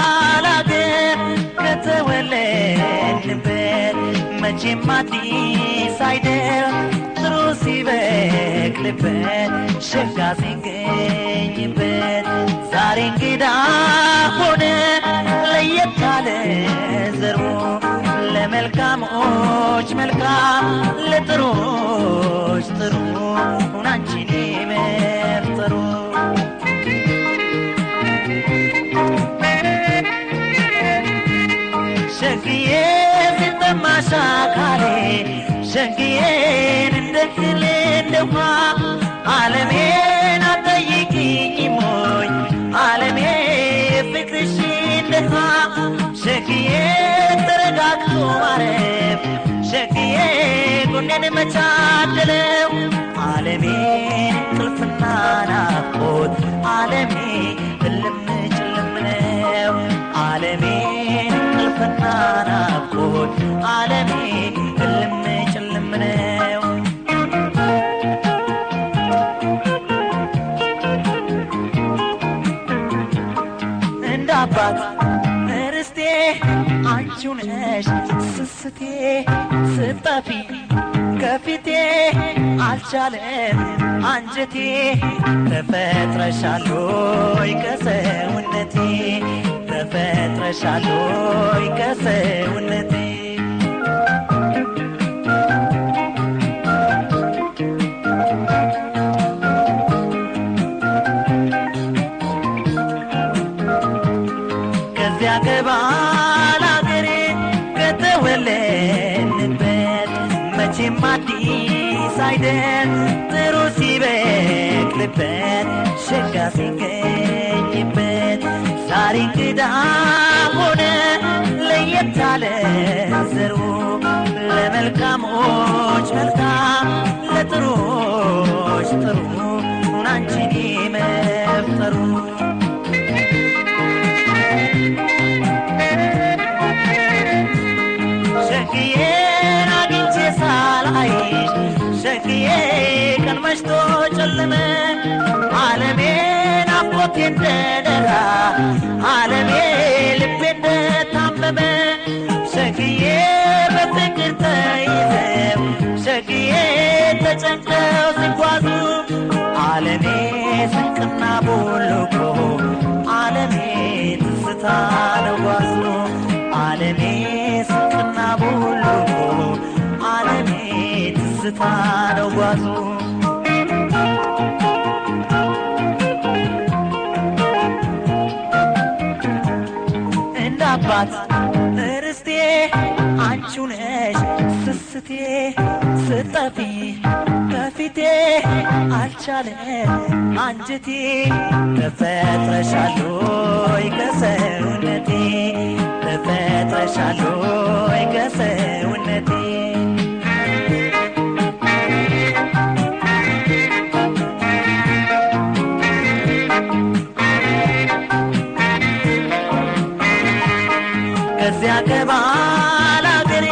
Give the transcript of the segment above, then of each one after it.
አላገር ከተወለድንበት መቼም አዲስ አይደር ጥሩ ሲበቅልበት ሸጋ ሲገኝበት ዛሬ እንግዳ ሆነ ለየት ያለ ዘሩ ለመልካሞች መልካም ለጥሩ masakale sangiye ninde kilende pa alame na tayiki imoy alame fikrishinde ha sangiye terga kumare sangiye gunen machatle alame kulfana na pot alame የፈካ ናፍቆት አለሜ እልም ጭልም ነው። እንደ አባት እርስቴ አንቺው ነሽ ስስቴ ስጠፊ ከፊቴ አልቻለም አንጀቴ ተፈጥረሻል ሆይ ከሰውነቴ ተሻሎይ ከሰውነቴ ከዚያ ገባል አገሬ ከተወለንበት መቼም አዲስ አይደል ጥሩ ሲበቅልበት ሸጋ ሲገኝበት ዛሬ እንግዳ ሆነ ለየት ያለ ዘሩ ለመልካሞች መልካም ለጥሩዎች ጥሩ ናንቺን መፍጠሩ ሸክዬን አግኝቼ ሳላይሽ ሸክዬ ቀን መሽቶ ጨለመ ሞቴ እንደደራ አለሜ ልቤ እንደታመመ ሰግዬ በፍቅር ተይዘው ሰግዬ ተጨንቀ አባት እርስቴ አንቺ ነሽ ስስቴ ስጠፊ በፊቴ አልቻለ አንጀቴ ተፈጥረሻሉ ይገሰውነቴ ተፈጥረሻሉ ይገሰውነቴ ከዚያ ከባል አገሬ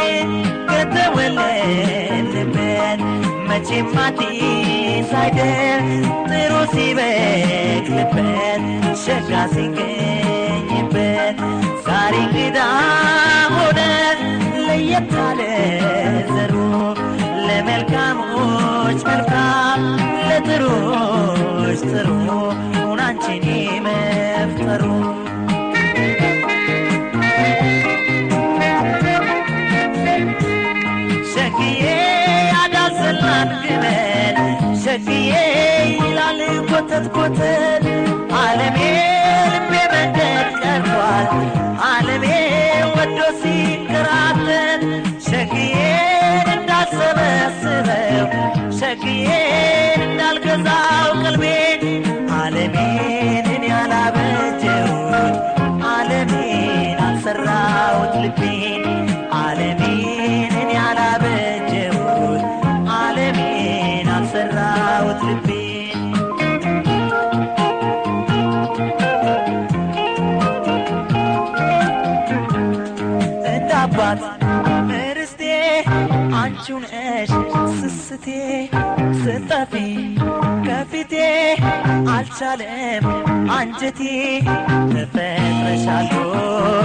ከተወለድንበት መቼም አዲስ አይደል ጥሩ ሲበቅልበት ሸጋ ሲገኝበት ዛሬ እንግዳ ሆነ ለየት ያለ ዘሩ ለመልካሞች መልካም ለጥሩዎች ጥሩ ሁናንችን ሸክዬ አዳሰናት ግመል ሸክዬ ይላል ኮተት ኮተት አለሜ ልቤ ቀርቷል አለሜ ወዶ ሲንከራተት ሸክዬን እንዳሰበስበው ሸክዬን እንዳልገዛው ቅልቤ አለሜን እኔ አለሜን አልሰራውት የሰራውት ልቤን እንደ አባት እርስቴ አንቺው ነሽ ስስቴ ስጠፊ ከፊቴ አልቻለም አንጀቴ ተፈጥረሻለሁ